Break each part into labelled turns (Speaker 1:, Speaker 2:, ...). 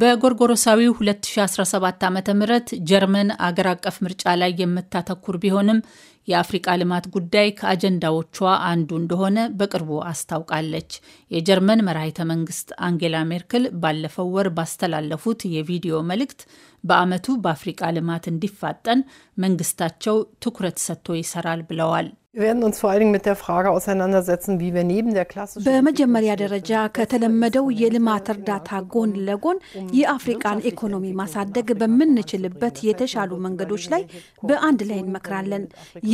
Speaker 1: በጎርጎሮሳዊው 2017 ዓ ም ጀርመን አገር አቀፍ ምርጫ ላይ የምታተኩር ቢሆንም የአፍሪቃ ልማት ጉዳይ ከአጀንዳዎቿ አንዱ እንደሆነ በቅርቡ አስታውቃለች። የጀርመን መራሂተ መንግስት አንጌላ ሜርክል ባለፈው ወር ባስተላለፉት የቪዲዮ መልእክት በአመቱ በአፍሪቃ ልማት እንዲፋጠን መንግስታቸው ትኩረት ሰጥቶ ይሰራል ብለዋል።
Speaker 2: በመጀመሪያ ደረጃ ከተለመደው የልማት እርዳታ ጎን um ለጎን የአፍሪቃን ኢኮኖሚ ማሳደግ በምንችልበት የተሻሉ መንገዶች ላይ በአንድ ላይ እንመክራለን።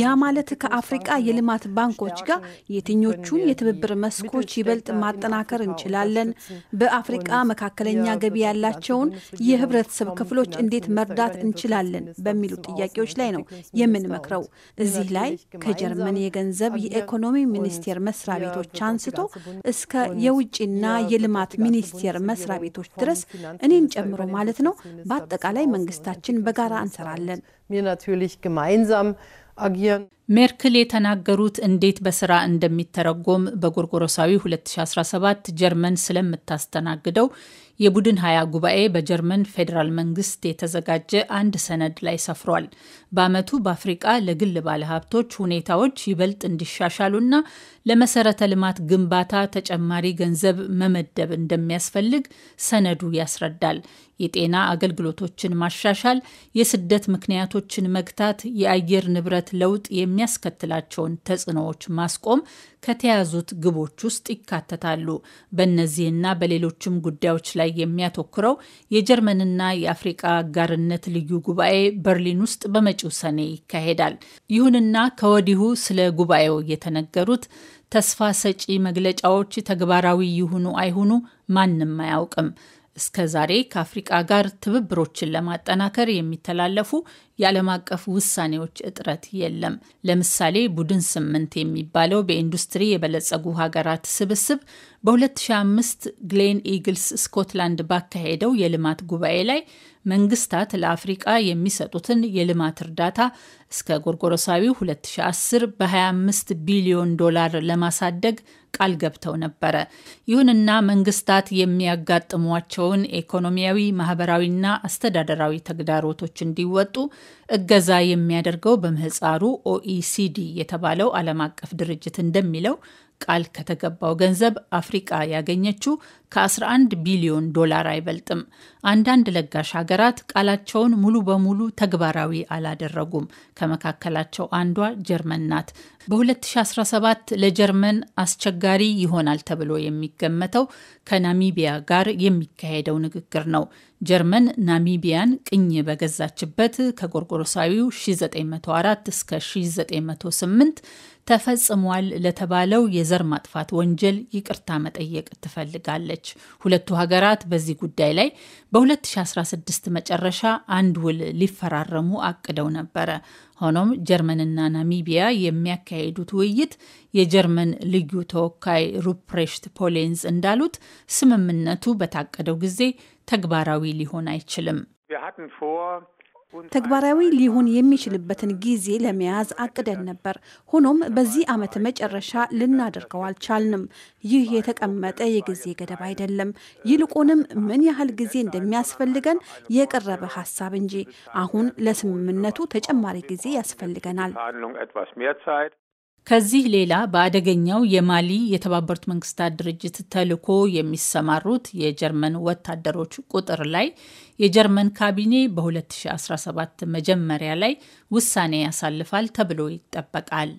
Speaker 2: ያ ማለት ከአፍሪቃ የልማት ባንኮች ጋር የትኞቹን የትብብር መስኮች ይበልጥ ማጠናከር እንችላለን፣ በአፍሪቃ መካከለኛ ገቢ ያላቸውን የህብረተሰብ ክፍሎች እንዴት መርዳት እንችላለን በሚሉ ጥያቄዎች ላይ ነው የምንመክረው። እዚህ ላይ ከጀርመን የጀርመን የገንዘብ የኢኮኖሚ ሚኒስቴር መስሪያ ቤቶች አንስቶ እስከ የውጭና የልማት ሚኒስቴር መስሪያ ቤቶች ድረስ እኔን ጨምሮ ማለት ነው። በአጠቃላይ መንግስታችን በጋራ እንሰራለን።
Speaker 1: አጊያን ሜርክል የተናገሩት እንዴት በስራ እንደሚተረጎም በጎርጎሮሳዊ 2017 ጀርመን ስለምታስተናግደው የቡድን ሀያ ጉባኤ በጀርመን ፌዴራል መንግስት የተዘጋጀ አንድ ሰነድ ላይ ሰፍሯል። በአመቱ በአፍሪቃ ለግል ባለሀብቶች ሁኔታዎች ይበልጥ እንዲሻሻሉና ለመሰረተ ልማት ግንባታ ተጨማሪ ገንዘብ መመደብ እንደሚያስፈልግ ሰነዱ ያስረዳል። የጤና አገልግሎቶችን ማሻሻል፣ የስደት ምክንያቶችን መግታት፣ የአየር ንብረት የንብረት ለውጥ የሚያስከትላቸውን ተጽዕኖዎች ማስቆም ከተያዙት ግቦች ውስጥ ይካተታሉ። በእነዚህና በሌሎችም ጉዳዮች ላይ የሚያተኩረው የጀርመንና የአፍሪቃ አጋርነት ልዩ ጉባኤ በርሊን ውስጥ በመጪው ሰኔ ይካሄዳል። ይሁንና ከወዲሁ ስለ ጉባኤው የተነገሩት ተስፋ ሰጪ መግለጫዎች ተግባራዊ ይሁኑ አይሁኑ ማንም አያውቅም። እስከ ዛሬ ከአፍሪቃ ጋር ትብብሮችን ለማጠናከር የሚተላለፉ የዓለም አቀፍ ውሳኔዎች እጥረት የለም። ለምሳሌ ቡድን ስምንት የሚባለው በኢንዱስትሪ የበለጸጉ ሀገራት ስብስብ በ2005 ግሌን ኢግልስ ስኮትላንድ ባካሄደው የልማት ጉባኤ ላይ መንግስታት ለአፍሪቃ የሚሰጡትን የልማት እርዳታ እስከ ጎርጎሮሳዊ 2010 በ25 ቢሊዮን ዶላር ለማሳደግ ቃል ገብተው ነበረ። ይሁንና መንግስታት የሚያጋጥሟቸውን ኢኮኖሚያዊ፣ ማህበራዊና አስተዳደራዊ ተግዳሮቶች እንዲወጡ እገዛ የሚያደርገው በምህፃሩ ኦኢሲዲ የተባለው ዓለም አቀፍ ድርጅት እንደሚለው ቃል ከተገባው ገንዘብ አፍሪቃ ያገኘችው ከ11 ቢሊዮን ዶላር አይበልጥም። አንዳንድ ለጋሽ ሀገራት ቃላቸውን ሙሉ በሙሉ ተግባራዊ አላደረጉም። ከመካከላቸው አንዷ ጀርመን ናት። በ2017 ለጀርመን አስቸጋሪ ይሆናል ተብሎ የሚገመተው ከናሚቢያ ጋር የሚካሄደው ንግግር ነው። ጀርመን ናሚቢያን ቅኝ በገዛችበት ከጎርጎሮሳዊው 1904 እስከ 1908 ተፈጽሟል ለተባለው የዘር ማጥፋት ወንጀል ይቅርታ መጠየቅ ትፈልጋለች። ሁለቱ ሀገራት በዚህ ጉዳይ ላይ በ2016 መጨረሻ አንድ ውል ሊፈራረሙ አቅደው ነበረ። ሆኖም ጀርመንና ናሚቢያ የሚያካሂዱት ውይይት የጀርመን ልዩ ተወካይ ሩፕሬሽት ፖሌንዝ እንዳሉት ስምምነቱ በታቀደው ጊዜ ተግባራዊ ሊሆን አይችልም። ተግባራዊ ሊሆን የሚችልበትን
Speaker 2: ጊዜ ለመያዝ አቅደን ነበር። ሆኖም በዚህ ዓመት መጨረሻ ልናደርገው አልቻልንም። ይህ የተቀመጠ የጊዜ ገደብ አይደለም፣ ይልቁንም ምን ያህል ጊዜ እንደሚያስፈልገን የቀረበ ሀሳብ እንጂ። አሁን ለስምምነቱ ተጨማሪ ጊዜ
Speaker 1: ያስፈልገናል። ከዚህ ሌላ በአደገኛው የማሊ የተባበሩት መንግስታት ድርጅት ተልዕኮ የሚሰማሩት የጀርመን ወታደሮች ቁጥር ላይ የጀርመን ካቢኔ በ2017 መጀመሪያ ላይ ውሳኔ ያሳልፋል ተብሎ ይጠበቃል።